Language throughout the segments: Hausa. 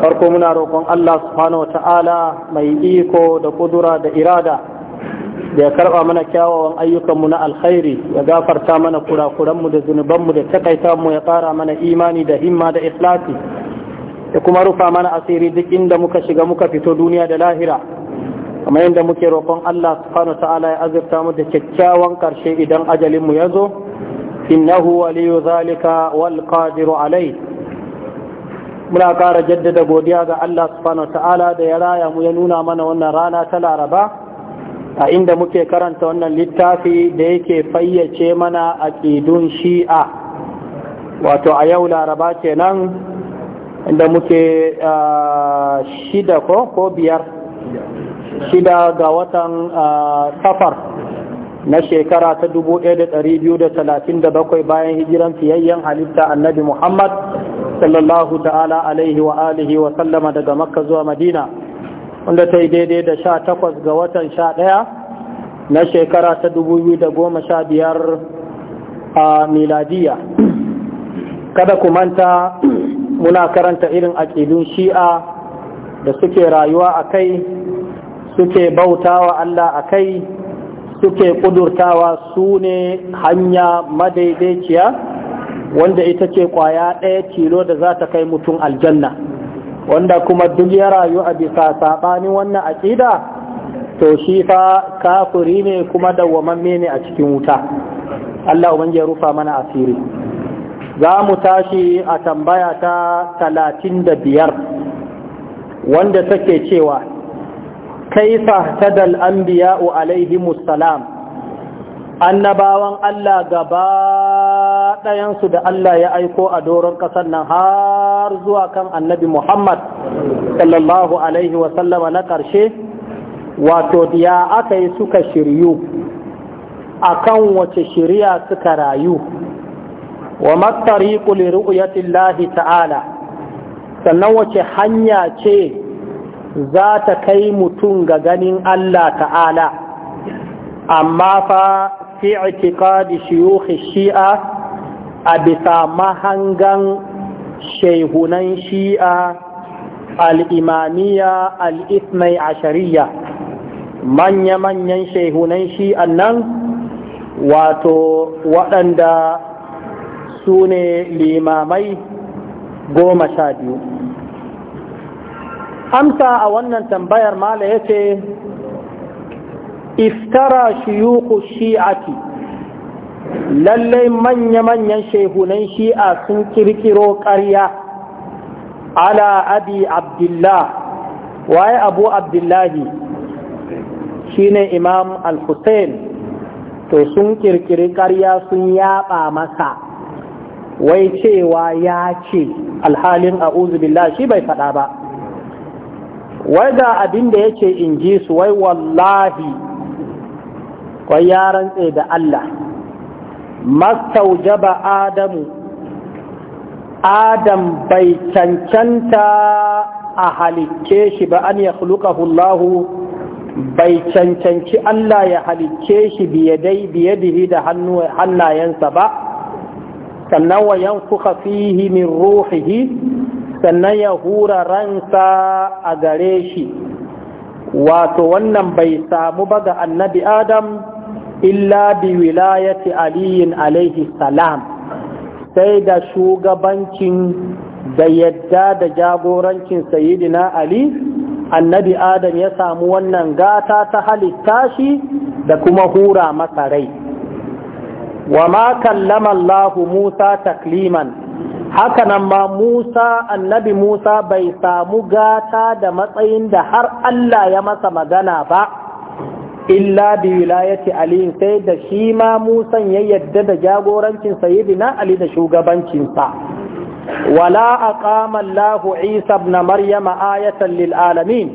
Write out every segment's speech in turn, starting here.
farko muna roƙon Allah subhanahu wata'ala mai iko da kudura da irada da ya karɓa mana kyawawan ayyukanmu na alkhairi ya gafarta mana kurakuranmu da zunubanmu da takaita mu ya ƙara mana imani da himma da ikhlasi da kuma rufa mana asiri duk inda muka shiga muka fito duniya da lahira kamar yadda muke roƙon Allah subhanahu wata'ala ya azurta mu da kyakkyawan ƙarshe idan ajalinmu ya zo innahu waliyu zalika wal qadiru alayhi muna ƙara jaddada godiya ga Allah subhanahu ta'ala da ya raya mu ya nuna mana wannan rana ta laraba a inda muke karanta wannan littafi da yake fayyace mana a ƙidun shi'a wato a yau laraba nan inda muke shida ko ko biyar shida ga watan safar na shekara ta talatin 1237 bayan hijiran fiyayyen halitta annabi Muhammad sallallahu ta'ala alaihi wa alihi wa sallama daga makka zuwa madina wanda ta yi daidai da sha takwas ga watan sha ɗaya na shekara ta da goma sha biyar a miladiya kada ku manta muna karanta irin aƙidun shi'a da suke rayuwa a kai suke bautawa Allah a kai suke kudurtawa su ne hanya madaidaiciya wanda ita ce kwaya ɗaya tilo da za ta kai mutum aljanna wanda kuma duk ya rayu a bisa saɓanin wannan aƙida to shi fa kafuri ne kuma dawwamamme ne a cikin wuta Allah ubangiji ya rufa mana asiri za mu tashi a tambaya ta talatin da biyar wanda take cewa kaifa tadal anbiya'u alaihimus salam annabawan Allah gaba da Allah ya aiko a doron ƙasar nan har zuwa kan annabi Muhammad sallallahu alaihi sallama na ƙarshe wato ya aka yi suka shiryu akan wace shirya suka rayu wa mattariqu li ru'yati Allah ta'ala sannan wace hanya ce za ta kai mutum ga ganin Allah ta'ala amma fa fi da shiyukh shi'a a bisa mahangan shehunan shi'a al'imaniya al'ismai ashariya manya-manyan shehunan shi'a nan wato waɗanda su ne limamai goma sha biyu amsa a wannan tambayar mala ya ce iftara shiyuku shi'ati lallai manya-manyan shehunan shi'a sun kirkiro ƙarya ala abi abdullah waye abu abdullahi shine imam al-hussein to sun kirkiri ƙarya sun yaɓa masa wai cewa ya ce alhalin a uzubillah shi bai faɗa ba wai ga abin da yake in ji su wai wallahi kwai ya rantse da Allah mastaujaba adamu adam bai cancanta a halicce shi ba an ya hullahu bai cancanci Allah ya halicce shi biyadai biyadihi da hannayensa ba sannan wa yanfuka fi min ruhihi sannan ya hura ransa a gare shi wato wannan bai samu ba ga annabi adam illa bi wilayati aliyin alaihi salam sai da shugabancin da yadda da jagorancin sayidina ali annabi adam ya samu wannan gata ta halitta shi da kuma hura masa rai wa ma kallama allahu musa takliman haka nan ma Musa annabi Musa bai samu gata da matsayin da har Allah ya masa magana ba illa bi wilayati Ali sai da shi ma Musa ya yadda da jagorancin sayyidina Ali da shugabancinsa wala aqama Allah Isa ibn Maryam ayatan lil alamin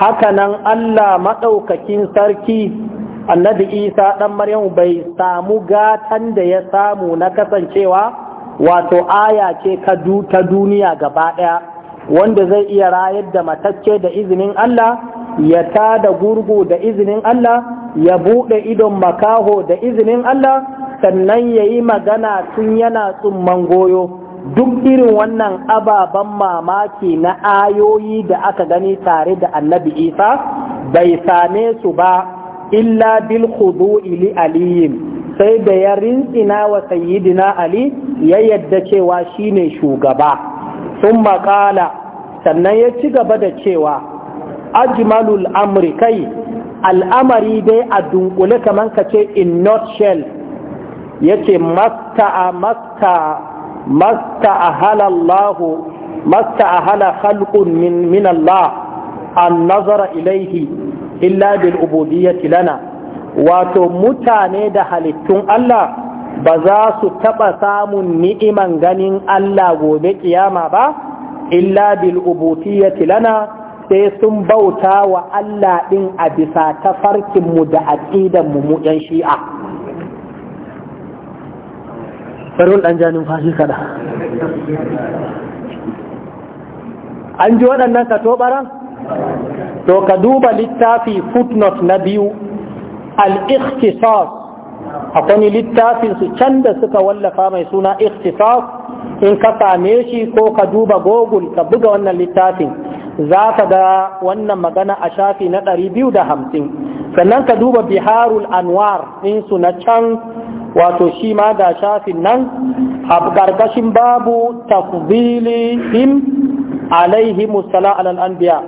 haka nan Allah madaukakin sarki annabi Isa dan Maryam bai samu gatan da ya samu na kasancewa wato aya ce ta duniya gaba ɗaya wanda zai iya rayar da matacce da izinin Allah ya ta da gurgu da izinin Allah ya buɗe idon makaho da izinin Allah sannan ya yi magana tun yana tsumman goyo duk irin wannan ababen mamaki na ayoyi da aka gani tare da annabi isa bai same su ba illa bil khudu'i li aliyin sai da ya rintsina wa sayyidina ali ya yadda cewa shine shugaba sun makala sannan ya ci gaba da cewa ajmalul amri kai al'amari dai a dunkule kamar ka ce in not shell ya ce masta a hala halkun min Allah an nazara ilaihi illa bil ubudiyyati lana wato mutane da halittun Allah ba za su taɓa samun ni'iman ganin Allah gobe ƙiyama ba illa bil lana sai sun bauta wa Allah ɗin a bisa tafarkinmu da aƙidanmu mu ‘yan shi'a. Farin ɗan janin fashi kada. An ji waɗannan ka To ka duba littafi footnote na biyu al-ikhtisas akwai littafin su can da suka wallafa mai suna ikhtisas in ka same shi ko ka duba google ka buga wannan littafin za ka ga wannan magana a shafi na ɗari biyu da hamsin sannan ka duba biharul anwar su na can wato shi ma ga shafin nan a ƙarƙashin babu tafzilihim alaihi musala alal anbiya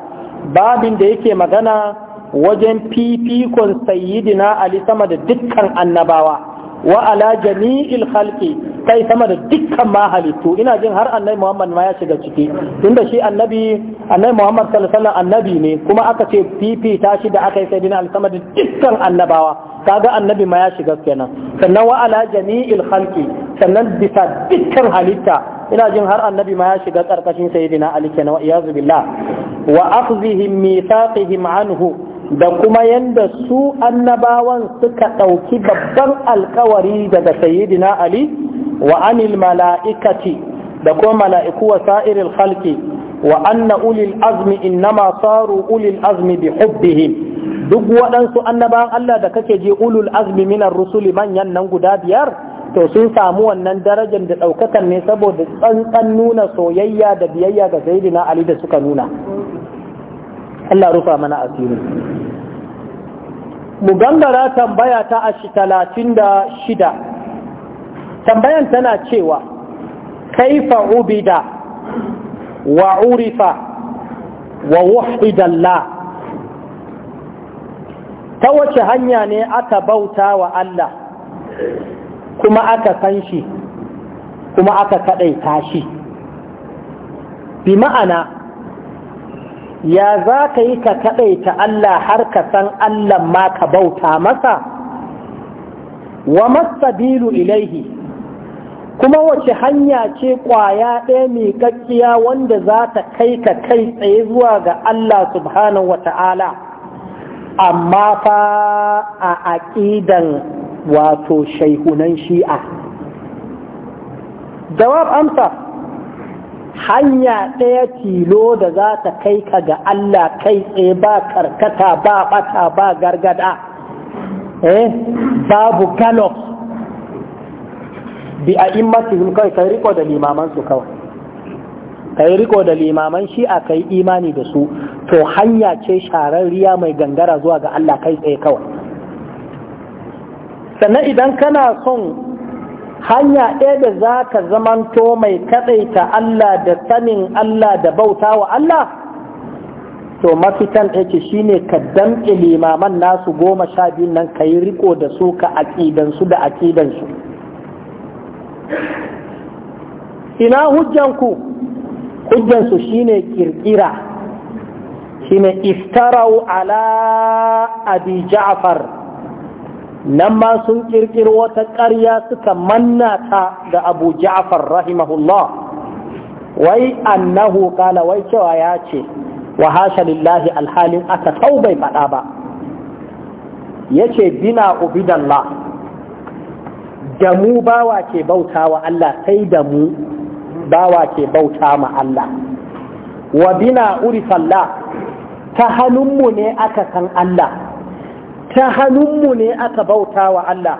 babin da yake magana wajen fifikon sayyidina ali sama da dukkan annabawa wa ala jami'il khalqi kai sama da dukkan mahalittu ina jin har annabi muhammad ma ya shiga ciki tunda shi annabi annabi muhammad sallallahu alaihi annabi ne kuma aka ce ta shi da aka yi sayyidina ali sama da dukkan annabawa kaga annabi ma ya shiga kenan sannan wa ala jami'il khalqi sannan bisa dukkan halitta ina jin har annabi ma ya shiga karkashin sayyidina ali kenan wa iyazu billah wa akhdhihim mithaqihim anhu da kuma yadda su annabawan suka ɗauki babban alkawari daga sayyidina Ali wa anil mala'ikati da kuma mala'iku wa sa'iril halki wa anna ulil azmi innama saru ulil azmi bi hubbihim duk waɗansu annabawan Allah da kake ji ulul azmi minar rusuli manyan nan guda biyar to sun samu wannan darajar da ɗaukakan ne saboda tsantsan nuna soyayya da biyayya ga sayyidina Ali da suka nuna Allah rufa mana asiri mu tambaya ta ashi talatin da shida tambayan tana cewa kaifa ubida wa urifa wa wahidallah ta wace hanya ne aka bauta wa Allah kuma aka san shi kuma aka kaɗaita shi bi ma'ana ya za ka yi ka kaɗaita Allah har ka san Allah ma ka bauta masa wa masabilu ilaihi kuma wace hanya ce ƙwaya ɗaya mai kakkiya wanda za ta kai ka kai tsaye zuwa ga Allah subhanahu wa ta'ala amma fa a aƙidan wato shaihunan shi'a jawab amsa hanya ɗaya tilo da za ta kai ka ga Allah kai tsaye ba karkata ba bata ba gargada eh babu galops bi a immatihim kai kai riko da limaman su kawai kai riko da limaman shi a kai imani da su to hanya ce shararriya mai gangara zuwa ga Allah kai tsaye kawai sannan idan kana son hanya ɗaya da za ka zamanto mai kaɗaita Allah da sanin Allah da bauta wa Allah to mafitan ɗaya shi ne ka damƙe limaman nasu goma sha biyun nan ka yi riko da su ka aƙidansu da aƙidansu ina hujjanku hujjansu shi ne ƙirƙira shi ne iftarau ala abi ja'far nan ma sun kirkiro wata ƙarya suka manna ta da abu ja'far rahimahullah wai annahu kala wai cewa ya ce wa hasha lillahi alhalin aka tau bai faɗa ba ya ce bina ubidallah da mu bawa ke bauta wa Allah sai da mu bawa ke bauta ma Allah wa bina urifallah ta hannunmu ne aka san Allah ta hannunmu ne aka bauta wa Allah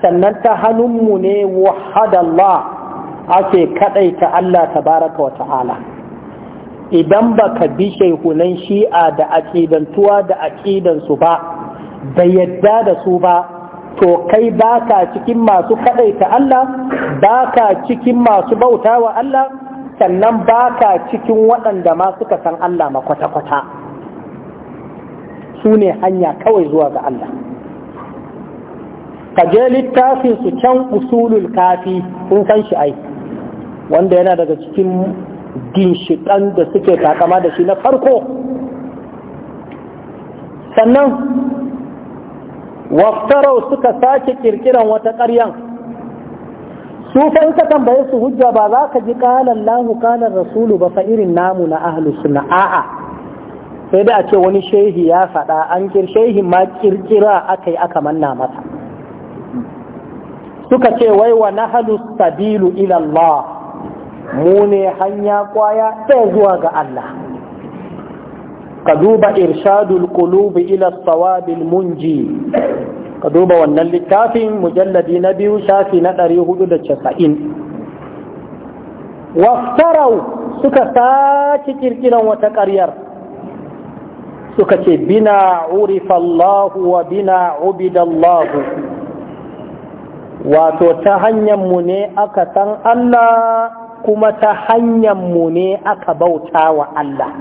sannan ta hannunmu ne wahadallah ake kadaita Allah tabaraka wa ta'ala idan baka bi shaihunan shi'a da aƙidantuwa da aƙidansu ba da yadda da su ba to kai baka cikin masu kadaita Allah baka cikin masu bauta wa Allah sannan baka cikin waɗanda ma suka san Allah makwata-kwata su ne hanya kawai zuwa ga Allah ka je littafin su can usulul kafi kun san shi ai wanda yana daga cikin ginshiƙan da suke takama da shi na farko sannan waftarau suka sake kirkiran wata ƙaryan su fa ka tambaye su hujja ba za ka ji kalan lahu kalan rasulu ba fa irin namu na ahlus sunna a'a sai dai a ce wani shehi ya faɗa an kir ma kirkira aka yi aka manna masa suka ce wai wa nahalu sabilu ila Allah mu ne hanya kwaya ɗaya zuwa ga Allah ka duba irshadul qulubi ila sawabil munji ka duba wannan littafin mujalladi na biyu shafi na ɗari hudu da casa'in waftarau suka sace kirkiran wata ƙaryar suka ce bina urifallahu wa bina ubida wato ta hanyar mu ne aka san Allah kuma ta hanyar mu ne aka bauta wa Allah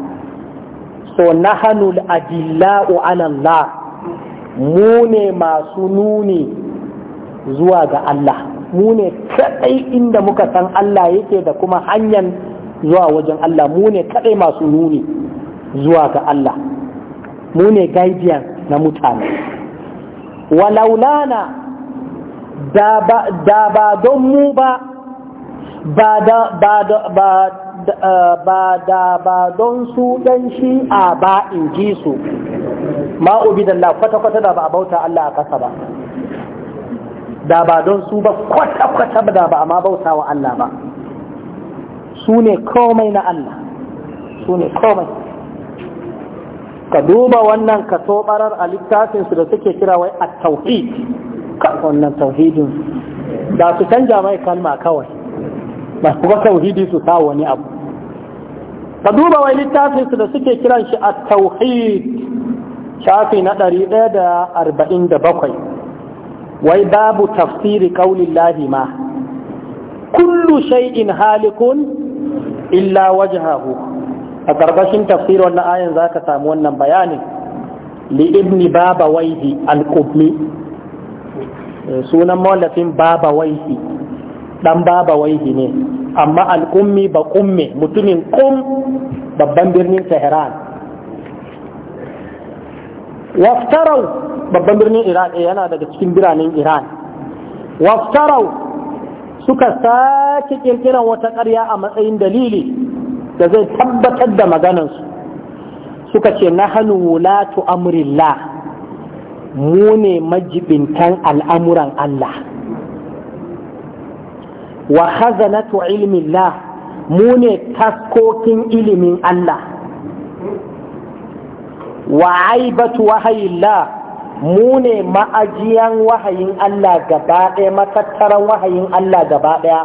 so nahanul adilla'u ala Allah mu ne masu nuni zuwa ga Allah mu ne kadai inda muka san Allah yake da kuma hanyar zuwa wajen Allah mu ne kadai masu nuni zuwa ga Allah mu ne guardian na mutane walaulana da ba don mu ba ba da ba don su ɗan a ba in ji su ma'ubi da kwata-kwata da ba a bauta Allah a ƙasa ba da ba don su ba kwata-kwata da ba a ma bauta wa Allah ba su ne komai na Allah su ne komai ka duba wannan ka tobarar a littafinsu da suke kira wai a tauhid wannan tauhidin da su canja mai kalma kawai ba kuma tauhidi su sa wani abu ka duba wai littafinsu da suke kiran shi a tauhid shafi na ɗari ɗaya da arba'in da bakwai wai babu tafsiri kaulin lahi ma kullu shay'in halikun illa wajhahu a ƙarƙashin tafsirin wannan ayan za ka samu wannan bayanin li ibni baba waihi al-qubmi eh, sunan mawallafin baba waihi dan baba waihi ne amma al-qummi ba mutumin kum babban birnin tehran waftarau babban birnin iran eh, yana daga cikin biranen iran waftarau suka sake ƙirƙiran wata ƙarya a matsayin dalili da zai tabbatar da maganansu suka ce na hannu wulatu amurilla mu ne majibintan al'amuran Allah wa khazanatu ilmillah mu ne taskokin ilimin Allah wa aibatu wahayillah mu ne ma'ajiyan wahayin Allah gaba ɗaya matattaran wahayin Allah gaba ɗaya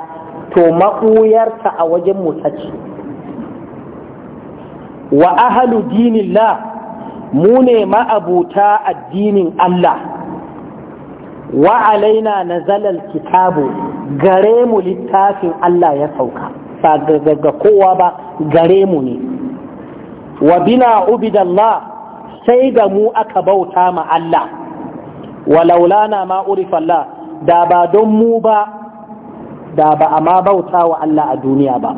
to maƙuyarta a wajen mutaci. wa ahalu dinillah mu ne ma'abuta addinin Allah wa alaina nazalal kitabu gare mu littafin Allah ya sauka ba daga kowa ba gare mu ne wa bina ubidallah sai da mu aka bauta ma Allah laulana ma urifallah da ba don mu ba da ba a ma bauta wa Allah a duniya ba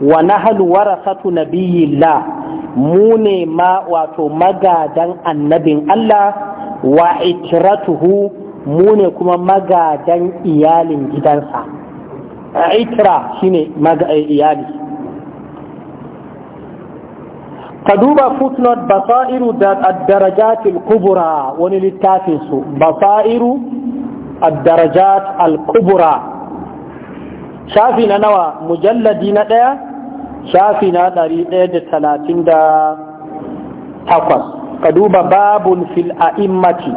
wa nahal warasatu nabiyillah mu ne ma wato magadan annabin Allah wa itratuhu mu ne kuma magadan iyalin gidansa itra shine eh, iyali ka duba footnote basairu da ad al-kubra wani littafin su basairu ad al-kubra shafi na nawa mujalladi na ɗaya shafi na ɗari ɗaya da talatin da takwas ka duba babun fil a'immati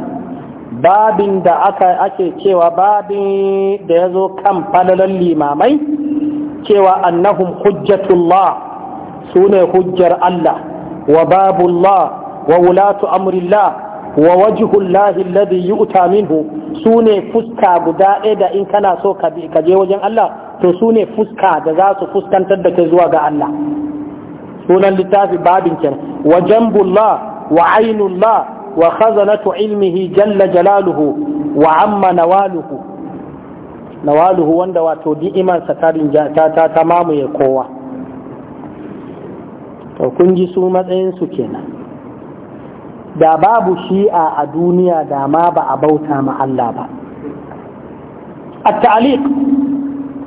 babin da aka ake cewa babin da ya zo kan falalan limamai cewa annahum hujjatullah su ne hujjar Allah wa babullah wa wulatu amrillah wa wajihullahi alladhi yu'ta minhu sune fuska guda ɗaya da in kana so ka je wajen Allah to su ne fuska da za su fuskantar da kai zuwa ga Allah sunan littafi babin kenan wa jambullah wa ainullah wa khazanatu ilmihi jalla jalaluhu wa amma nawaluhu nawaluhu wanda wato ni'imar sa tarin ta ta tamamu ya kowa to kun ji su matsayin su kenan da babu shi'a a duniya da ma ba a bauta ma Allah ba at-ta'liq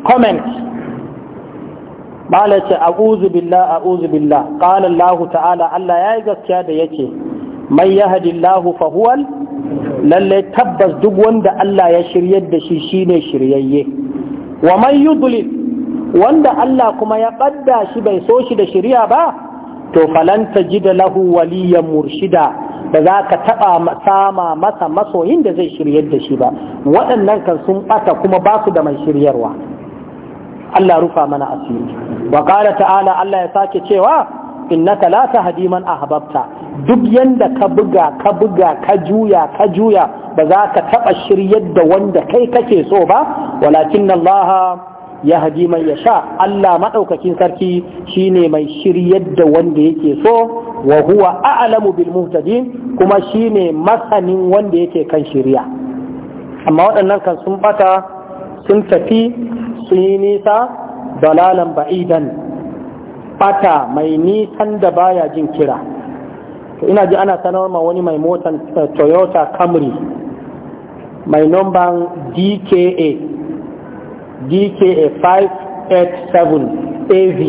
comment bala ce a'udhu billah a'udhu billah qala Allah ta'ala Allah yayi gaskiya da yake mai yahdillahu fa huwal lalle tabbas duk wanda Allah ya shiryar da shi shi ne shiryayye wa man yudlil wanda Allah kuma ya ɓadda shi bai so shi da shirya ba to falanta ji da lahu waliyan murshida da za ka taɓa sama masa masoyin da zai shiryar da shi ba waɗannan kan sun ɓata kuma basu da mai shiryarwa Allah rufa mana asiri wa qala ta'ala Allah ya sake cewa innaka la tahdi man ahbabta duk yanda ka buga ka buga ka juya ka juya ba za ka taba shiryar da wanda kai kake so ba walakin Allah ya haji man ya sha Allah madaukakin sarki shine mai shiryar da wanda yake so wa huwa a'lamu bil muhtadin kuma shine masanin wanda yake kan shirya amma waɗannan kan sun bata sun tafi sun yi nisa dalalan ba'idan fata mai nisan da baya jin kira to ina ji ana sanar ma wani mai motan eh, toyota camry mai nomban dka dka 587 av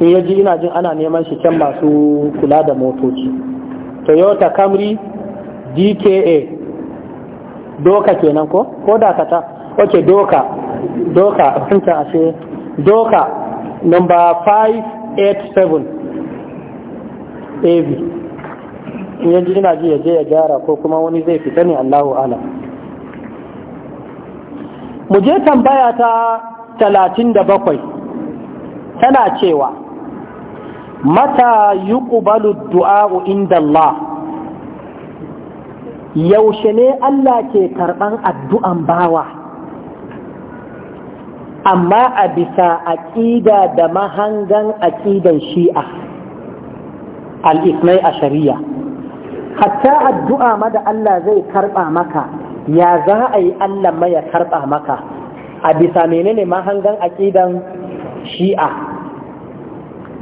in ya ji ina jin ana neman shi can masu kula da motoci toyota camry dka doka kenan ko ko dakata ok doka doka a ashe doka number 587 av yanzu ina ji ya je ya gyara ko kuma wani zai fita ne allahu ala mu je tambaya ta 37 tana cewa mata yi ƙubalu du'a inda Allah yaushe ne Allah ke karɓan addu'an bawa amma a bisa aƙida da mahangan aƙidan shi'a al'ismai a shari'a hatta addu'a ma da Allah zai karɓa maka ya za a yi Allah ma ya karɓa maka a bisa menene mahangan aƙidan shi'a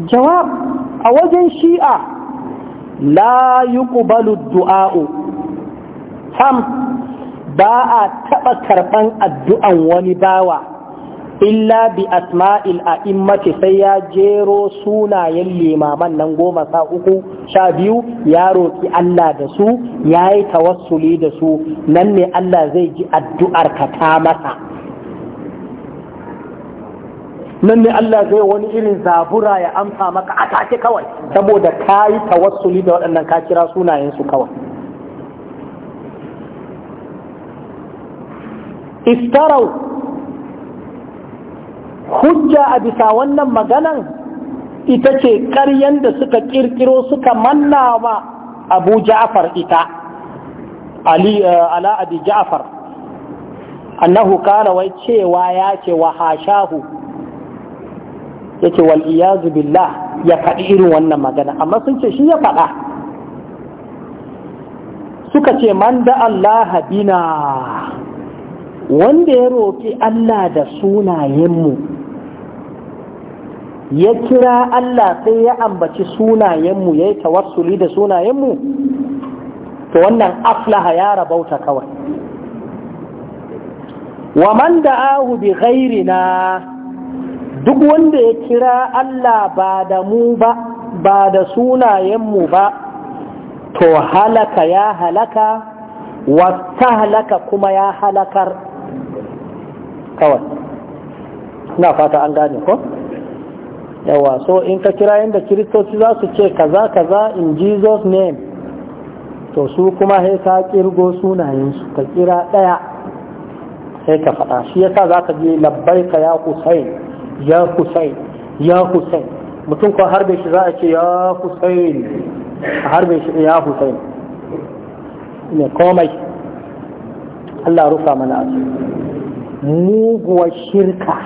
jawab a wajen shi'a la yi ƙubalu du'a'u sam ba a taɓa karɓan addu'an wani bawa illa bi asma'il a immace sai ya jero sunayen limaman nan goma sa uku sha biyu ya roƙi Allah da su ya yi tawassuli da su nan ne Allah zai ji addu'ar ka ta masa nan ne Allah zai wani irin zabura ya amsa maka a take kawai saboda ka yi tawassuli da waɗannan ka kira sunayensu kawai iftarau hujja a bisa wannan maganan ita ce ƙaryan da suka ƙirƙiro suka manna ma abu ja'far ita ala abi ja'far annahu kana wai cewa ya ce wa hashahu ya ce wal iyazu billah ya faɗi irin wannan magana amma sun ce shi ya faɗa suka ce man da Allah bina wanda ya roƙi Allah da sunayenmu ya kira Allah sai ya ambaci sunayenmu ya yi tawassuli da sunayenmu to wannan aflaha ya rabauta kawai wa man ahu bi ghairina duk wanda ya kira Allah ba da mu ba ba da sunayenmu ba to halaka ya halaka wata halaka kuma ya halakar kawai na fata an gane ko yawa so in ka kira yadda kiristoci za su ce kaza kaza in jesus name to su kuma sai ka kirgo sunayensu ka kira daya sai ka fada shi yasa za ka je labbai ka ya husain ya husain ya husain mutum ko harbe shi za a ce ya husain a harbe shi ya husain ne komai Allah rufa mana asiri muguwar shirka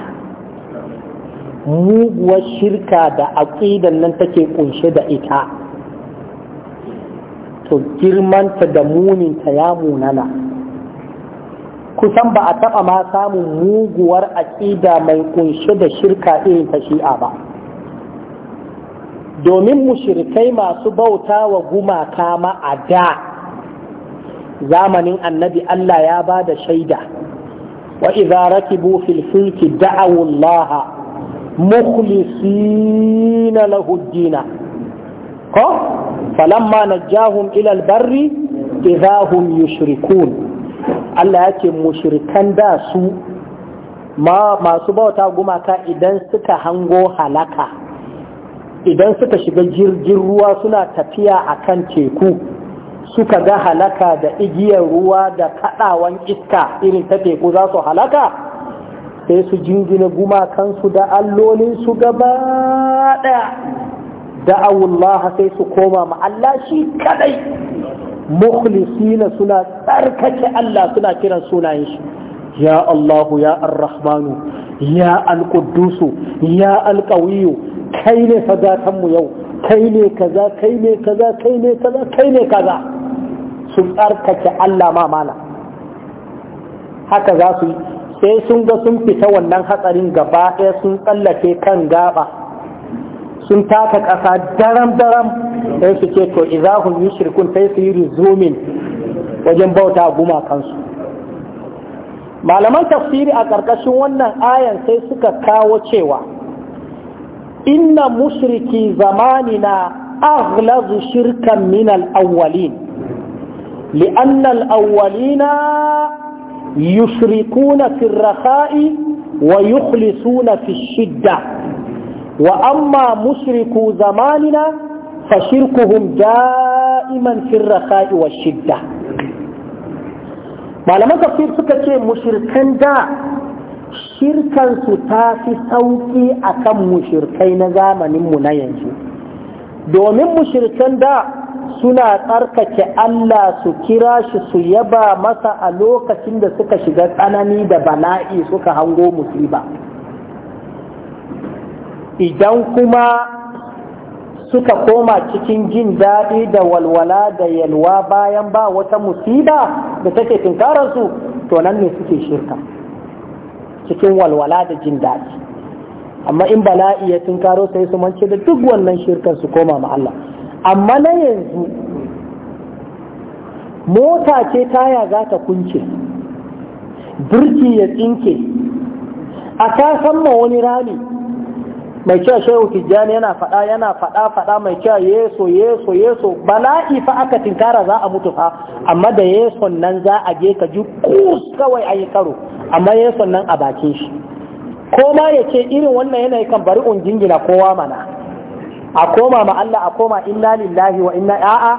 muguwar shirka da aƙidan nan take kunshe da ita to girmanta da muninta ya munana kusan ba a taɓa ma samun muguwar aƙida mai kunshe da shirka irin ta shi'a ba domin mushirikai masu bauta wa gumaka ma a da zamanin annabi Allah ya ba da shaida wa idza rakibu fil fulki da'awu Allah mukhlisina lahu ad-din ko falamma najahum ila al-barri idza hum yushrikun Allah yake mushrikan da su masu bauta gumaka idan suka hango halaka idan suka shiga jirgin ruwa suna tafiya akan teku suka ga halaka da igiyar ruwa da kaɗawan iska irin ta teku za su halaka sai su jingina gumakansu da su gaba da awullaha sai su koma ma Allah shi kadai na suna tsarkake Allah suna kiran sunayen shi ya Allahu ya ar-rahmanu ya al-quddusu ya al kai ne fadatanmu yau kai ne kaza kai ne kaza kai ne kaza kai ne kaza su tsarkake Allah ma mana, haka za su yi sai sun ga sun fita wannan hatsarin gaba ɗaya sun tsallake kan gaba sun taka ƙasa daram-daram sai su ce to izahun yi shirkun sai su yi rizumin wajen bauta gumakansu malaman tafsiri a ƙarƙashin wannan ayan sai suka kawo cewa inna mushriki zamanina aghlazu shirkan min al-awwalin لأن الأولين يشركون في الرخاء ويخلصون في الشدة وأما مشركو زماننا فشركهم دائما في الرخاء والشدة malaman tafsir suka ce mushirkan da shirkansu ta fi sauƙi a kan mushirkai na zamaninmu na yanzu domin mushirkan da suna tsarkake Allah su kira shi su yaba masa a lokacin da suka shiga tsanani da bala'i suka hango musiba idan kuma suka koma cikin jin daɗi da walwala da yalwa bayan ba wata musiba da take tunkararsu to nan ne suke shirka cikin walwala da jin daɗi amma in bala'i ya tunkaro sai su mance da duk wannan shirkan su koma ma Allah amma na yanzu mota ce taya za ta kunce birki ya tsinke a ta ma wani rami mai cewa shehu tijjani yana faɗa yana faɗa faɗa mai cewa yeso yeso yeso bala'i fa aka tinkara za a mutu fa amma da yeson nan za a je ka ji kus kawai a yi karo amma yeson nan a bakin shi ko ma ya ce irin wannan yanayi kan bari un jingina kowa mana a koma ma Allah a koma inna lillahi wa inna a'a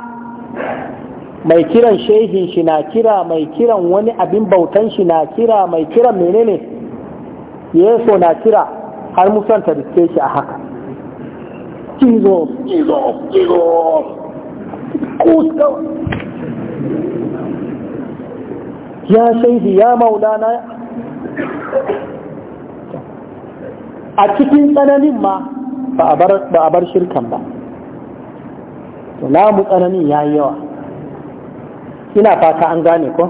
mai kiran shehin shi na kira mai kiran wani abin bautan shi na kira mai kiran menene yeso na kira har musan ta riske shi a haka jesus jesus ya shehi ya maulana a cikin tsananin ma ba a bar shirkan ba to namu tsananin ya yi yawa ina fata an gane ko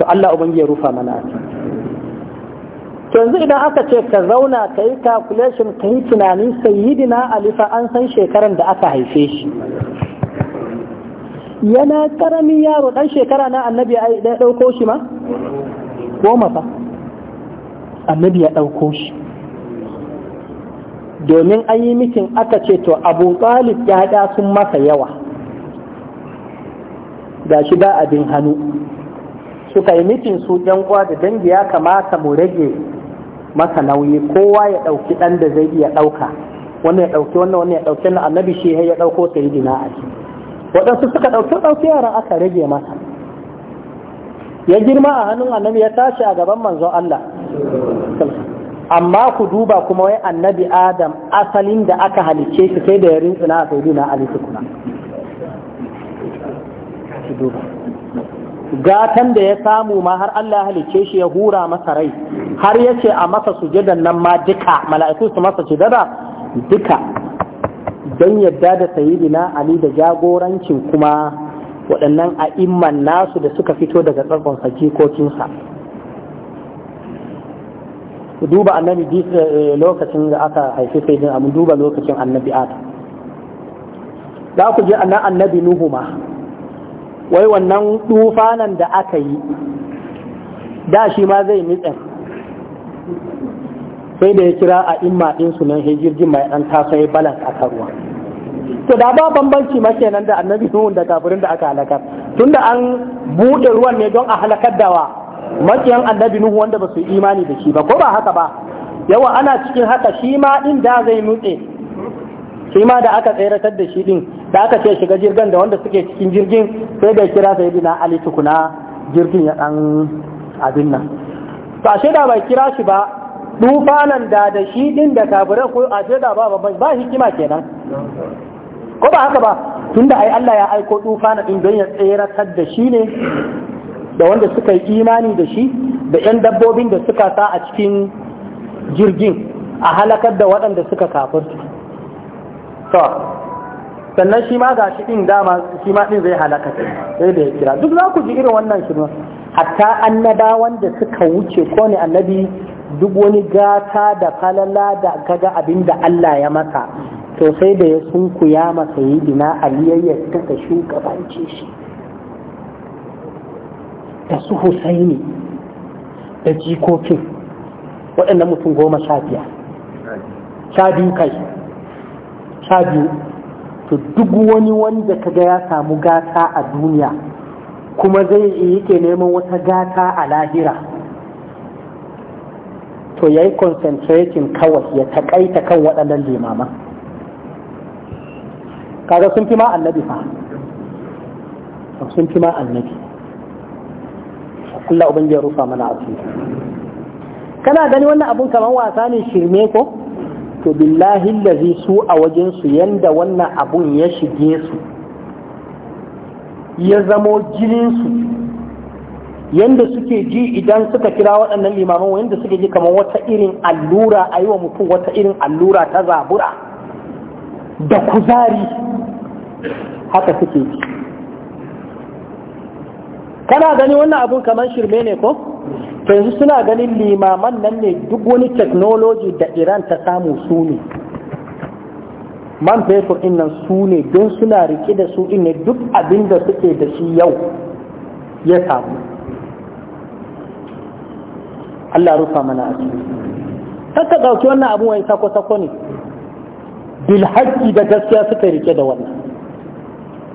to Allah ubangi ya rufa mana ake to yanzu idan aka ce ka zauna ka yi calculation ka yi tunanin sayyidina alifa an san shekaran da aka haife shi yana karamin yaro dan shekara na annabi ya ɗauko shi ma goma fa annabi ya ɗauko shi domin an yi mitin aka ce to abu talib ya sun masa yawa ga shi ba abin hannu suka yi mikin su uwa da dangi ya kamata mu rage masa nauyi kowa ya ɗauki ɗan da zai iya ɗauka wannan ya ɗauki wannan wannan ya ɗauki na annabi shi ya ɗauko sai dina a ciki waɗansu suka ɗauki ɗauki yaran aka rage masa ya girma a hannun annabi ya tashi a gaban manzon Allah amma ku duba kuma wai annabi adam asalin da aka halicce shi sai da ya rintsina a na alisu kuna gatan da ya samu ma har Allah ya halicce shi ya hura masa rai har ya ce a masa sujadan nan ma duka mala'iku su masa dada duka don yadda da na ali da jagorancin kuma waɗannan a'imman nasu da suka fito daga tsakon jikokinsa ku duba annabi eh, lokacin da aka haifi sai din amma duba lokacin annabi adam za ku je annan annabi nuhu ma wai wannan tufanan da aka yi da shi ma zai nitsin sai da ya kira a imma din su nan hijirgin mai dan taso ya balance a ruwa to da ba bambanci ma kenan da annabi nuhu da kafirin da aka halakar tunda an bude ruwan ne don a halakar da wa makiyan annabi nuhu wanda ba su yi imani da shi ba ko ba haka ba yawa ana cikin haka shi ma din da zai nutse shi ma da aka tseratar da shi din da aka ce shiga jirgin da wanda suke cikin jirgin sai da kira sai dina ali tukuna jirgin ya dan abin nan to ashe da bai kira shi ba dufanan da da shi din da kafirai ko ashe da ba ba ba hikima kenan ko ba haka ba tunda ai Allah ya aiko dufana din don ya tseratar da shi ne da wanda suka yi imani da shi da 'yan dabbobin da suka sa a cikin jirgin a halakar da waɗanda suka kafirta So, sannan shi ma ga shi ɗin dama shi ma ɗin zai halaka sai da ya kira duk za ku ji irin wannan shirma hatta annabawan wanda suka wuce ko ne annabi duk wani gata da falala da kaga abin da Allah ya maka. to sai da ya sunkuya masa yi dina aliyayya ta shugabanci shi da su husaini da jikokin waɗannan mutum goma sha biya sha biyu kai sha biyu to duk wani wanda kaga ya samu gata a duniya kuma zai yake neman wata gata a lahira to ya yi concentrating kawai ya taƙaita kan waɗannan limaman kaga sun fi ma annabi fa sun fi ma annabi Allah ubangiji ya rufa mana asiri kana gani wannan abun kamar wasa ne shirme ko to billahi allazi su a wajen su yanda wannan abun ya shige su ya zamo jinin su yanda suke ji idan suka kira waɗannan limaman yanda suke ji kamar wata irin allura a yi wa mutum wata irin allura ta zabura da kuzari haka suke ji kana gani wannan abun kamar shirme ne ko to yanzu suna ganin limaman nan ne duk wani technology da iran ta samu su ne man fetur in nan su ne don suna rike da su ne duk abin da suke da shi yau ya samu Allah rufa mana aji kaka ɗauki wannan abun wai sako-sako ne Bilhaji da gaskiya suka rike da wannan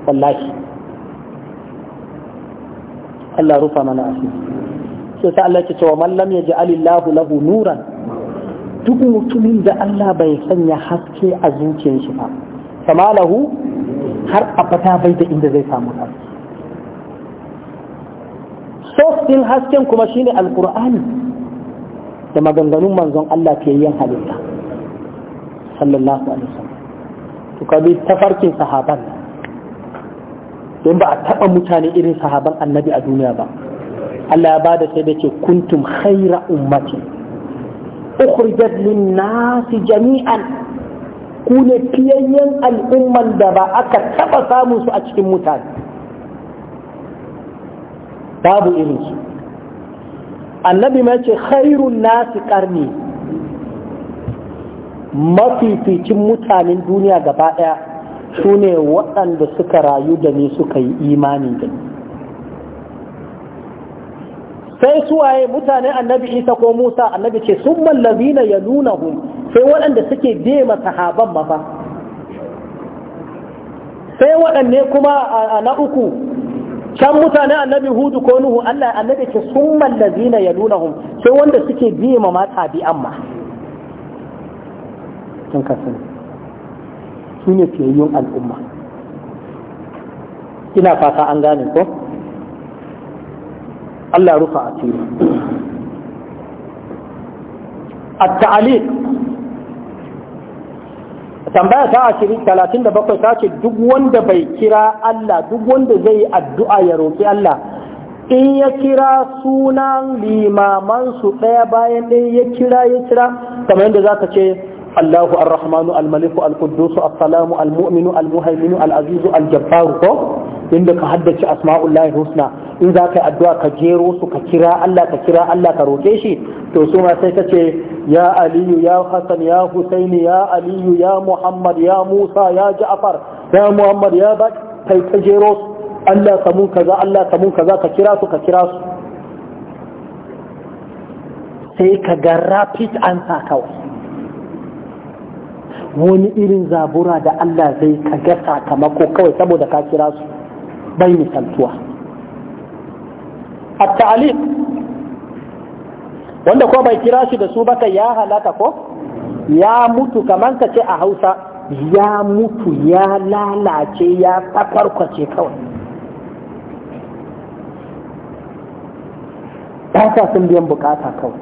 wallahi Allah rufa mana asiri so sai Allah ya ce wa man lam yaj'alillahu lahu nuran duk mutumin da Allah bai sanya haske a zuciyar shi ba kama lahu har abada bai da inda zai samu haske source din hasken kuma shine alqur'ani da maganganun manzon Allah yin halitta sallallahu alaihi wasallam to kabi tafarkin sahaban don ba a taɓa mutane irin sahaban annabi a duniya ba Allah ya da sai da ce kuntum khaira ummati ukhrijat lin-nasi jami'an ku ne fiyayyen al'umman da ba aka taɓa samun su a cikin mutane babu irin su annabi ma ce khairun nasi karni mafificin mutanen duniya gaba ɗaya su ne waɗanda suka rayu da ni suka yi imani da sai suwaye mutane annabi isa ko musa annabi ce sun na ya nuna hun sai waɗanda suke bema sahaban mafa sai waɗanne kuma a na uku can mutane annabi hudu ko nuhu allah annabi ce sun na ya nuna hun sai wanda suke dema ma tabi'an ma sun kasance su ne fiyayyun al'umma ina fata an gane ko Allah rufa a tiri التعليق tambaya ta ashirin talatin da bakwai ta ce duk wanda bai kira Allah duk wanda zai yi addu'a ya roƙi Allah in ya kira sunan limamansu ɗaya bayan ɗaya ya kira ya kira kamar yadda za ka ce Allahu ar-Rahmanu al-Maliku al-Quddus as-Salamu al-Mu'minu al-Muhaiminu al-Azizu al-Jabbaru ko inda ka haddace asma'ullahi husna in za ka yi addu'a ka jero su ka kira Allah ka kira Allah ka roke shi to su ma sai ka ce ya Aliyu ya Hassan ya Husaini ya Aliyu ya Muhammad ya Musa ya Ja'far ya Muhammad ya Bak kai ka jero su Allah ka mun kaza Allah ka mun kaza ka kira su ka kira su sai ka ga rapid answer kawai wani irin zabura da Allah zai ka ga sakamako kawai saboda ka kira su bai misaltuwa a ta'alif wanda ko bai kira shi da su baka ya halaka ko ya mutu kamar ka ce a hausa ya mutu ya lalace ya tafarkwace kawai ba sun biyan bukata kawai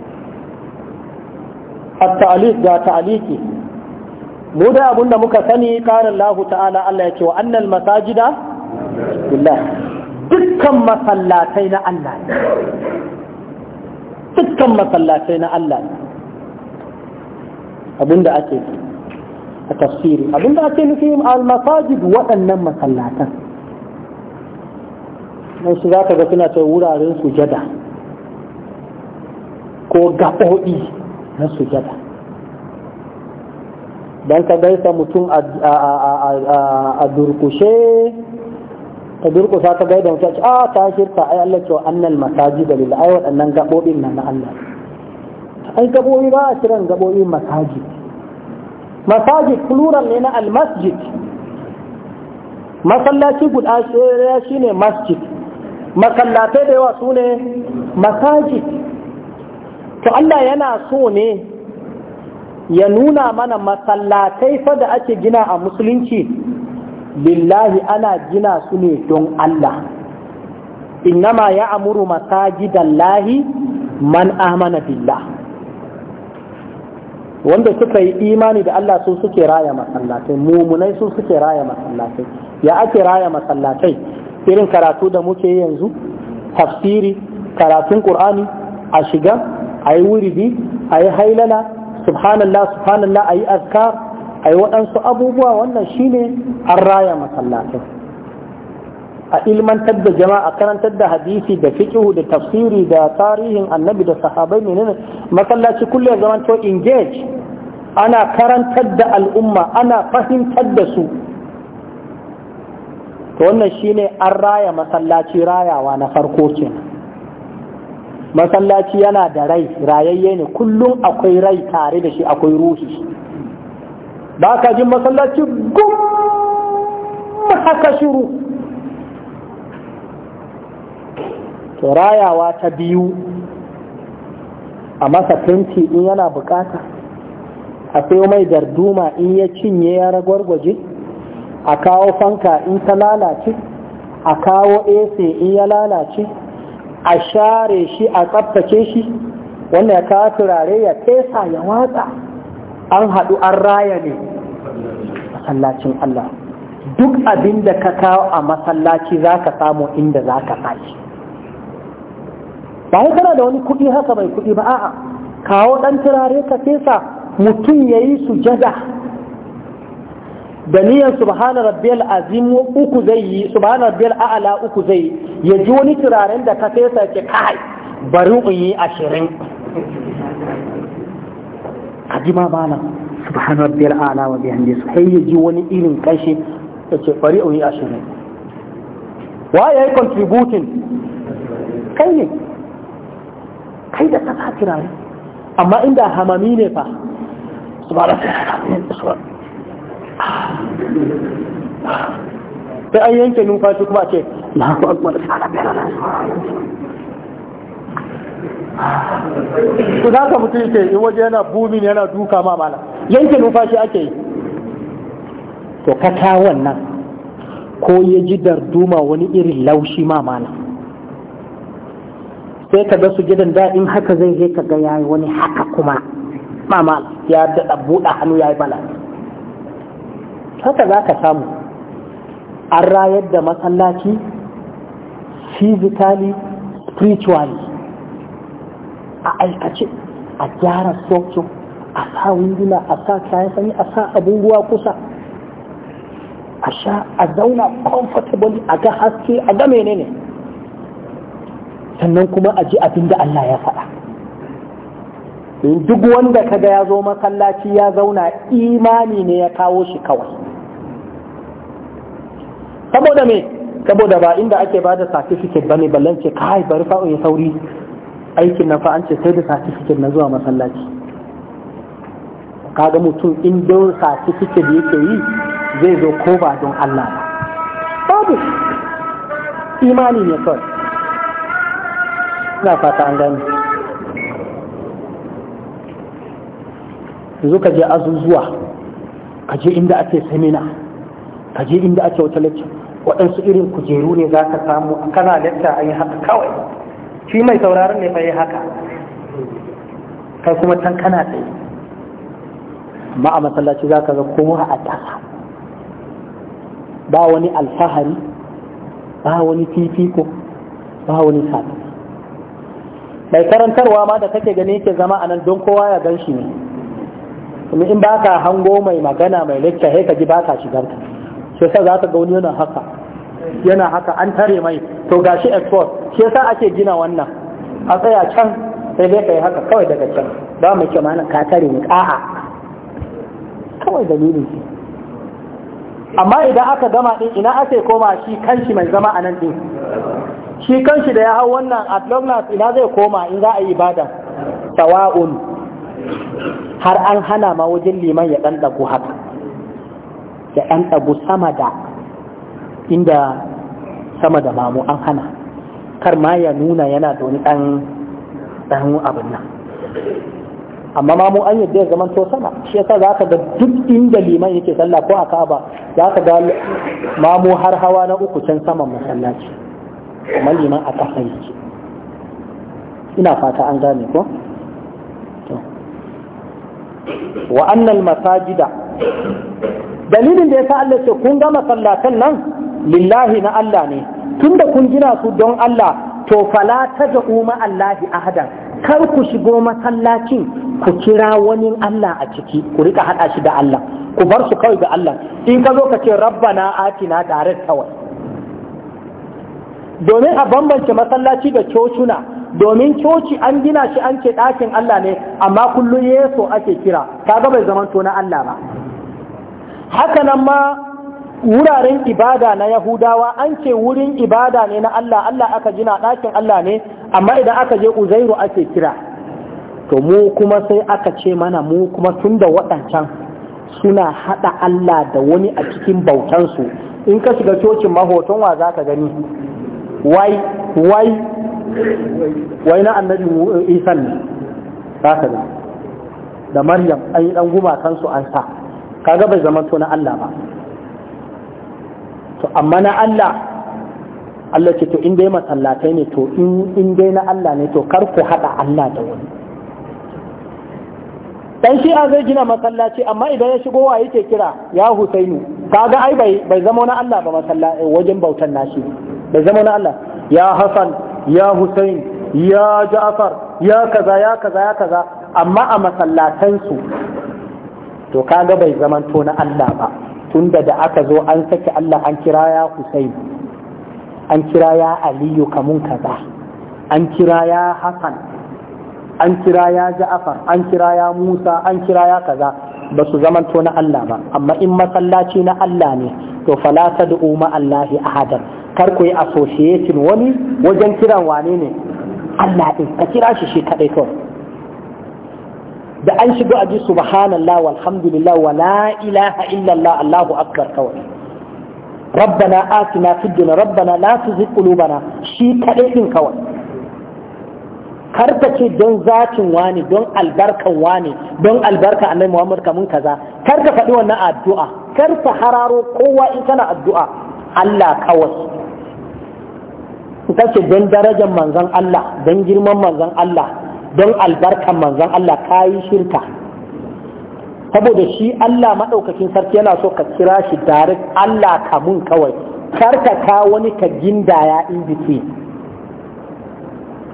a ta'alif ga ta'aliki mu da abin da muka sani ƙarin lahu ta'ala Allah ya ce wa annal masajida billah dukkan masallatai na Allah ne dukkan masallatai na Allah ne abinda ake a tafsiri abinda ake nufi al-masajid waɗannan masallatan wasu za ka ga suna ta wuraren sujada ko gaɓoɗi na sujada don ka gaisa mutum a durkushe ka durkusa ka gaida mutum a ta shirka ai Allah cewa annal masaji da lila ai waɗannan gaɓoɓin nan na Allah ai gaɓoɓi ba a kiran gaɓoɓi masaji masaji plural ne na almasjid masallaci guda shi ne masjid masallatai da yawa su ne masajid to Allah yana so ne ya nuna mana masallatai fa da ake gina a musulunci lillahi ana gina su ne don Allah innama ya amuru masajidallahi man amana billah wanda suka yi imani da Allah su suke raya masallatai mumunai su suke raya masallatai ya ake raya masallatai irin karatu da muke yanzu tafsiri karatun qur'ani a shiga a yi wuridi a yi hailala subhanallah subhanallah ayi azkar ayi waɗansu abubuwa wannan shine an raya masallatai a ilmantar da jama'a karantar da hadisi da fiqhu da tafsiri da tarihin annabi da sahabai menene masallaci kullum ya zamanto engage ana karantar da al'umma ana fahimtar da su to wannan shine an raya masallaci rayawa na farko kenan masallaci yana da rai rayayye ne kullum akwai rai tare da shi akwai ruhi ba ka jin masallaci gum haka shiru to rayawa ta biyu a masa fenti in yana bukata a sayo mai darduma in ya cinye ya ragwargwaje a kawo fanka in ta lalace a kawo ese in ya lalace a share shi a tsaftace shi wanda ya kawo turare ya fesa ya watsa an haɗu an raya ne masallacin Allah duk abin da ka kawo a masallaci za ka samu inda za ka sashi ba kana da wani kuɗi haka mai kuɗi ba a'a kawo ɗan turare ka fesa mutum ya yi su sujada da niyan subhana rabbiyal azim uku zai yi subhana rabbiyal a'la uku zai ya ji wani turaren da ka fesa ke kai bari in yi ashirin a ma bana subhana rabbiyal a'la wa bihamdi sai ya ji wani irin kashi ya ce bari in yi ashirin wa ya yi contributing kai ne kai da ka sa turare amma inda hamami ne fa subhana rabbiyal a'la sai an yanke numfashi kuma ce na ku da su za ka mutu yake in waje yana bumin yana duka ma mala yanke numfashi ake yi to ka ta wannan ko ya ji darduma wani irin laushi ma mala sai ka ga su gidan daɗin haka zai je ka ga yi wani haka kuma ma mala ya daɗa buɗa hannu ya yi bala'i haka za ka samu an rayar da masallaci physically spiritually a aikace a gyara sokyo a sa winduna a sa kayan sanyi a sa abin ruwa kusa a sha a zauna comfortably a ga haske a ga menene sannan kuma a ji abin da Allah ya faɗa duk wanda kaga ya zo masallaci ya zauna imani ne ya kawo shi kawai saboda me saboda ba inda ake ba da certificate ba ne ballan ce kai bari fa'o ya sauri aikin nan fa an ce sai da certificate na zuwa masallaci kaga mutum in don certificate yake yi zai zo ko ba don Allah babu imani ne kawai ina fata an gani yanzu ka je azuzuwa ka je inda ake semina ka je inda ake wata lecce waɗansu irin kujeru ne za ka samu kana lecce an yi haka kawai shi mai sauraron ne fa yi haka kai kuma can kana tsaye amma a masallaci za ka ga kowa a ƙasa ba wani alfahari ba wani fifiko ba wani sami mai karantarwa ma da kake gani ke zama a nan don kowa ya gan shi ne kuma in ba ka hango mai magana mai lecture haika ji ba ka shigar ta shi yasa za ka ga wani yana haka yana haka an tare mai to gashi export shi yasa ake gina wannan a tsaya can sai dai kai haka kawai daga can ba mai kyau mana ka tare ni a'a kawai dalilin shi amma idan aka gama din ina ake koma shi kanshi mai zama a nan din shi kanshi da ya hau wannan at long last ina zai koma in za a yi ibada sawa'un har an hana ma wajen liman ya ɗanɗagu haka ya ɗanɗagu sama da inda sama da mamu an hana kar ma ya nuna yana da wani ɗan ɗan abin nan amma mamu an yadda ya zama to sama shi yasa za ka ga duk inda liman yake sallah ko a ka'aba za ka ga mamu har hawa na uku can saman masallaci amma liman a ƙasa yake ina fata an gane ko wa annal masajida dalilin da ya sa Allah ce kun ga masallatan nan lillahi na Allah ne tunda kun gina su don Allah to fala tad'u ma Allahi ahadan kar ku shigo masallacin ku kira wani Allah a ciki ku rika hada shi da Allah ku bar su kawai da Allah in ka zo ka ce rabbana atina tare kawai domin a bambance masallaci da cocuna domin coci an gina shi an ce ɗakin Allah ne amma kullum yeso ake kira kaga bai zamanto na Allah ba haka nan ma wuraren ibada na Yahudawa an ce wurin ibada ne na Allah Allah aka gina ɗakin Allah ne amma idan aka je Uzairu ake kira to mu kuma sai aka ce mana mu kuma tun da waɗancan suna haɗa Allah da wani a cikin bautansu in ka shiga cocin mahoton wa za ka gani wai wai wai na annabi isa ne ka ne da maryam an yi dan gumakan su an sa kaga bai zama to na Allah ba to amma na Allah Allah ce to in dai masallatai ne to in dai na Allah ne to kar ku hada Allah da wani dan shi a zai gina masallaci amma idan ya shigo wa ke kira ya Husainu kaga ai bai bai zama na Allah ba masallaci wajen bautan nashi bai zama na Allah ya hasan ya Hussein ya Ja'far ya kaza ya kaza ya kaza amma a masallatansu to kaga bai zamanto na Allah ba tunda da aka zo an saki Allah an kira ya Hussein an kira ya Aliyu kamun kaza an kira ya Hassan an kira ya Ja'far an kira ya Musa an kira ya kaza ba su zamanto na Allah ba amma in masallaci na Allah ne to fala tad'u ma Allah ahadan kar ku yi association wani wajen kiran wane ne Allah din ka kira shi shi kadai to da an shigo a ji subhanallah walhamdulillah wa la ilaha illallah Allahu akbar kawai ربنا آتنا في الدنيا ربنا لا تزغ قلوبنا شي كدين كوي kar ka ce don zacin wani don albarkan wani don albarka annabi Muhammad kamun kaza kar ka faɗi wannan addu'a kar ka hararo kowa in kana addu'a Allah kawai ka ce don darajar manzon Allah don girman manzon Allah don albarkan manzon Allah kayi shirka saboda shi Allah maɗaukakin sarki yana so ka kira shi direct Allah kamun kawai kar ka wani ka gindaya in between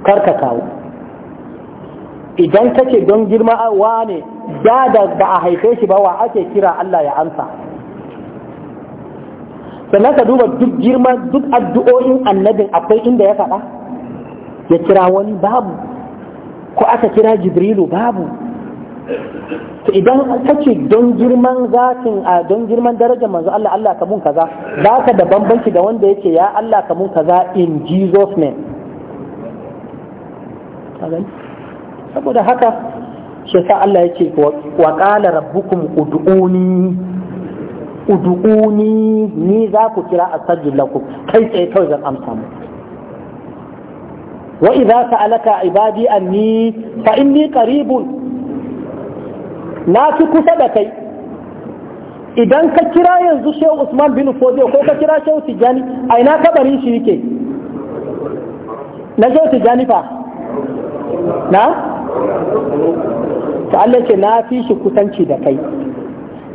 kar kawo idan kace don girma wa ne da da ba a haife shi ba wa ake kira Allah ya amsa sannan ka duba duk girma duk addu'o'in annabin akwai inda ya faɗa ya kira wani babu ko aka kira jibrilu babu to idan ka don girman zatin a don girman darajar manzo Allah Allah ka mun kaza za ka da bambanci da wanda yake ya Allah ka mun kaza in Jesus name saboda haka shi sa Allah yake wa qala rabbukum ud'uni ud'uni ni za ku kira astajib lakum kai tsaye kawai zan amsa mu wa idza sa'alaka ibadi anni fa inni qaribun na fi kusa da kai idan ka kira yanzu shehu usman bin fodiyo ko ka kira shehu tijjani a ina kabarin shi yake na shehu tijjani fa na ta Allah ce na fi shi kusanci da kai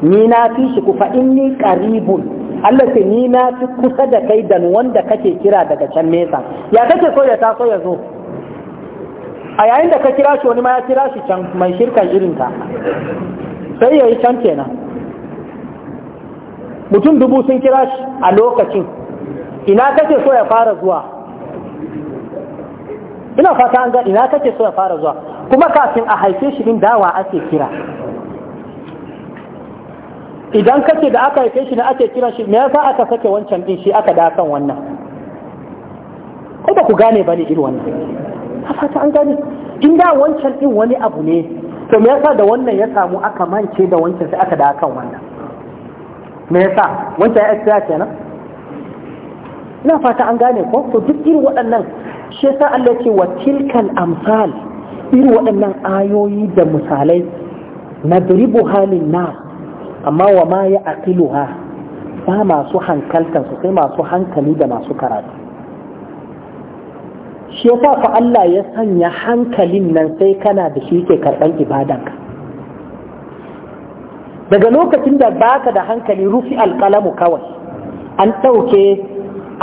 ni na fi shi kufa inni qaribun Allah ce ni na fi kusa da kai dan wanda kake kira daga can nesa ya kake so ya taso ya zo a yayin da ka kira shi wani ma ya kira shi can mai shirka irin ka sai ya yi can kenan mutum dubu sun kira shi a lokacin ina kake so ya fara zuwa ina fata an ga ina kake so ya fara zuwa kuma kafin a haife shi din dawa ake kira idan kace da aka haife shi ne ake kira shi me yasa aka sake wancan din shi aka da kan wannan ko ba ku gane bane irin wannan a fata an gane in da wancan din wani abu ne to me yasa da wannan ya samu aka mance da wancan sai aka da kan wannan me yasa wancan ya extra kenan ina fata an gane ko to duk irin waɗannan shi yasa Allah ce wa tilkal amsal irin waɗannan ayoyi da misalai na duribu halin na amma wa ma ya aqiluha ba masu hankaltan su sai masu hankali da masu karatu shi yasa fa Allah ya sanya hankalin nan sai kana da shi ke karɓar ibadanka daga lokacin da baka da hankali rufi alƙalamu kawai an ɗauke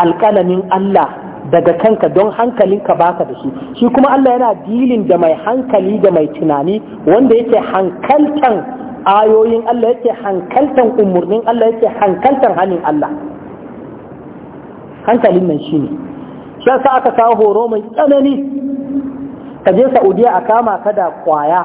alƙalamin Allah daga kanka don hankalinka baka da shi shi kuma Allah yana dilin da mai hankali da mai tunani wanda yake hankaltan ayoyin Allah yake hankaltan umurnin Allah yake hankaltan hannun Allah hankalin nan shi ne. shi yasa aka kawo horo mai tsanani ka je Saudiya a kama ka da kwaya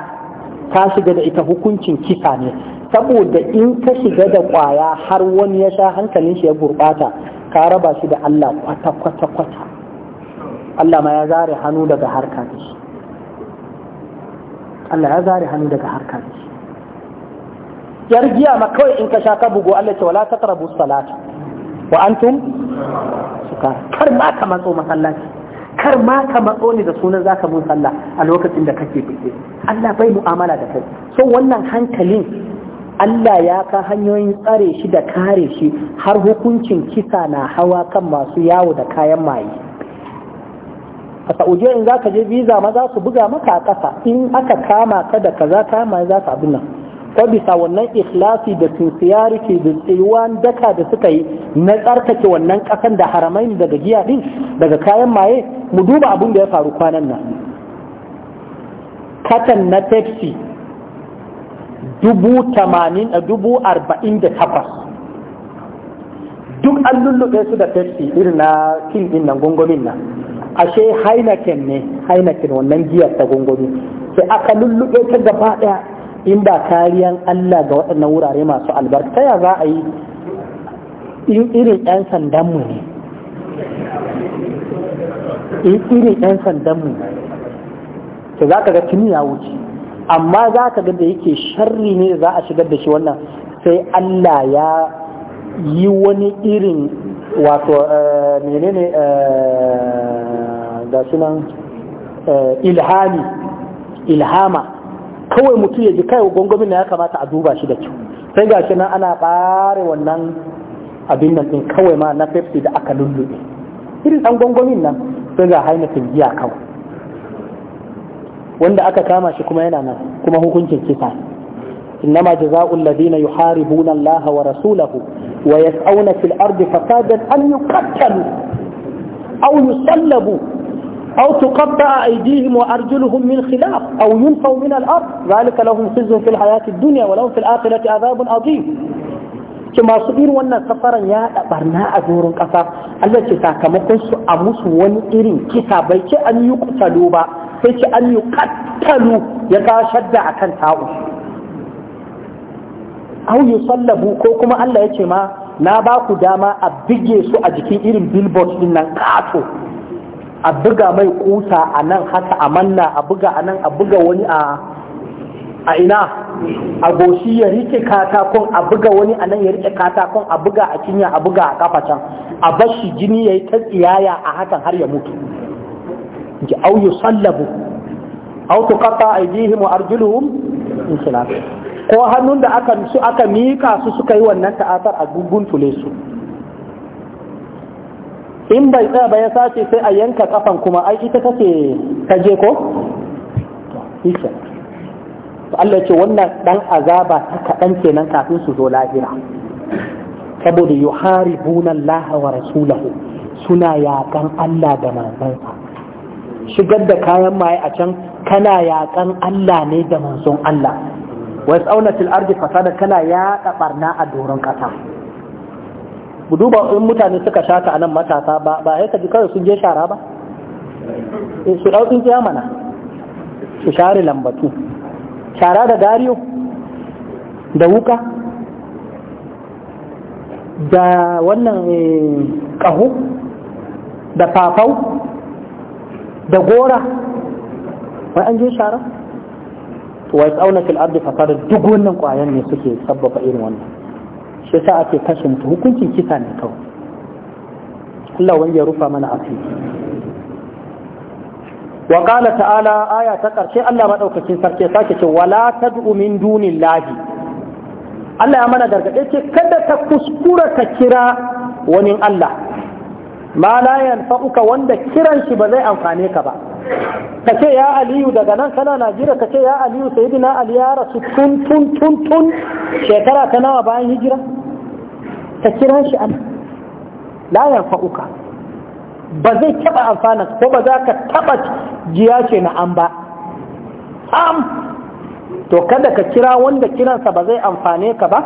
Ka shiga da ita hukuncin kisa ne saboda in ka shiga da kwaya har wani ya sha hankalin shi ya gurbata ka raba shi da Allah kwata kwata kwata Allah ma ya zare hannu daga harka da shi Allah ya zare hannu daga harka da shi yar giya ma kawai in ka sha ka bugo Allah ce wala taqrabu salata wa antum kar ma ka matso masallaci kar ma ka matso ni da sunan zaka mun sallah a lokacin da kake fice Allah bai mu'amala da kai so wannan hankalin Allah ya ka hanyoyin tsare shi da kare shi har hukuncin kisa na hawa kan masu yawo da kayan maye a sa'uje in za ka je visa ma za su buga maka a ƙasa in aka kama ka da kaza kama za su abin nan ko bisa wannan ikhlasi da ke da tsayuwan daka da suka yi na tsarkake wannan ƙasan da haramai daga giya din daga kayan maye mu duba abin da ya faru kwanan nan katan na pepsi dubu tamanin a eh, dubu arba'in da takwas duk an lulluɓe su da pepsi irin na king din nan gongomin nan ashe heineken ne heineken wannan giyar ta gongomi sai aka lulluɓe ta gaba ɗaya in ba kariyan allah ga waɗannan wurare masu albarka ya za a yi in irin 'yan sandanmu ne in irin 'yan sandanmu to za ka ga tuni ya wuce amma za ka ga da yake sharri ne za a shigar da shi wannan sai Allah ya yi wani irin wato eh, menene eh, ga sunan eh, ilhami ilhama kawai mutum ya ji kai gwangwamin na ya kamata a duba shi da kyau sai ga shi nan ana ƙare wannan abin nan ɗin kawai ma na 50 da aka lullube irin ɗan gwangwamin nan sai ga hainakin giya kawai wanda aka kama shi kuma yana nan kuma hukuncin kisa إنما جزاء الذين يحاربون الله ورسوله ويسعون في الأرض فسادا أن يقتلوا أو يسلبوا أو تقطع أيديهم وأرجلهم من خلاف أو ينفوا من الأرض ذلك لهم خزي في الحياة الدنيا ولهم في الآخرة عذاب عظيم كما سئر وانا سفرا يا برنا أزور كفا التي ساكمكم سأمس ونئرين كتابيك أن يقتلوا sai ce an yi kattalu ya kawo shadda a kan ta'u au yi sallabu ko kuma Allah ya ce ma na ba ku dama a bige su a jikin irin billboard din nan kato a buga mai kusa a nan haka a manna a buga a nan a buga wani a a ina a goshi ya rike katakon a buga wani a nan ya rike katakon a buga a cinya a buga a kafa can a bashi jini ya yi ta tsiyaya a hakan har ya mutu ki au yusallabu au tuqatta aydihim wa arjuluhum in ko hannun da aka su aka mika su suka yi wannan ta'atar a tule su in bai tsaya ba ya sace sai a yanka kafan kuma ai ita take ta je ko Allah ce wannan dan azaba ta kaɗan kenan kafin su zo lahira saboda yuharibuna Allah wa rasulahu suna yakan Allah da manzansa shigar da kayan maye a can kana yakan Allah ne da manzon Allah wa tsaunatil ardi fasada kana yaɗa barna a doron kasa duba in mutane suka shaka anan matasa ba ba sai ji kawai sun je shara ba eh, su dau tsintsiya mana su share lambatu shara da dariyo da wuka da wannan kahu, eh, da fafau da gora wai an je shara wa tsauna fil ardi fasada duk wannan kwayan ne suke sabbaba irin wannan shi yasa ake kashe mutu hukuncin kisa ne kawai Allah wani ya rufa mana asiri wa qala ta'ala aya ta karshe Allah madaukakin sarki sake ce wala tad'u min dunillahi Allah ya mana gargaɗe ce kada ta kuskura ka kira wani Allah ma la yanfa'uka wanda kiran shi ba zai amfane ka ba ka ce ya aliyu daga nan kana najira ka ce ya aliyu sayyidina ali ya rasu tun tun tun tun shekara ta nawa bayan hijira ka kira shi an la yanfa'uka ba zai taba amfana ko ba za ka taba jiya ce na an ba am to kada ka kira wanda kiransa ba zai amfane ka ba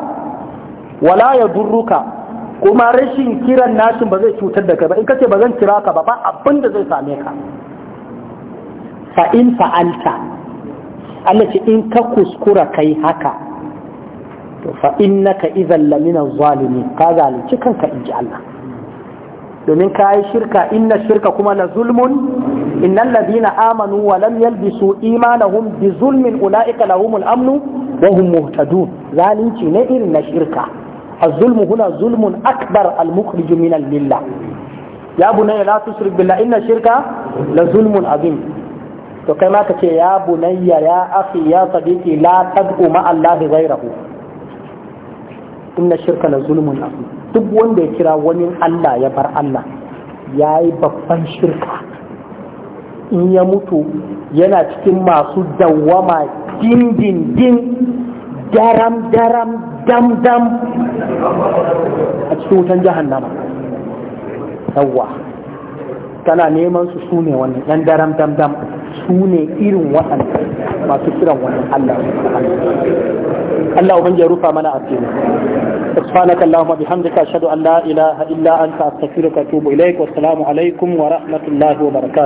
wala ya durruka kuma rashin kiran nashin ba zai cutar da kai ba in kace ba zan kira ka ba ba abin da zai same ka fa in fa'alta Allah ce in ka kuskura kai haka to fa innaka idhal lamina zalimi ka zalunci kanka inji Allah domin ka yi shirka inna shirka kuma la zulmun innal ladina amanu wa lam yalbisu imanahum bi zulmin ulaika lahumul amnu wa hum muhtadun zalunci ne irin na shirka الظلم هنا ظلم أكبر المخرج من الملة يا بني لا تشرك بالله إن الشرك لظلم عظيم to kai ma ka ce ya bunayya ya akhi ya sadiqi la tad'u ma Allah ghayrahu inna shirka la zulmun duk wanda ya kira wani Allah ya bar Allah yayi babban shirka in ya mutu yana cikin masu dawwama dindindin din daram daram dam dam a cikin wutan jahannama yawwa tana neman su su ne yan daram dam dam su ne irin waɗanda masu kiran wani Allah Allah ubangi ya rufa mana asiri سبحانك اللهم وبحمدك أشهد أن لا إله إلا أنت أستغفرك وأتوب إليك والسلام عليكم ورحمة الله وبركاته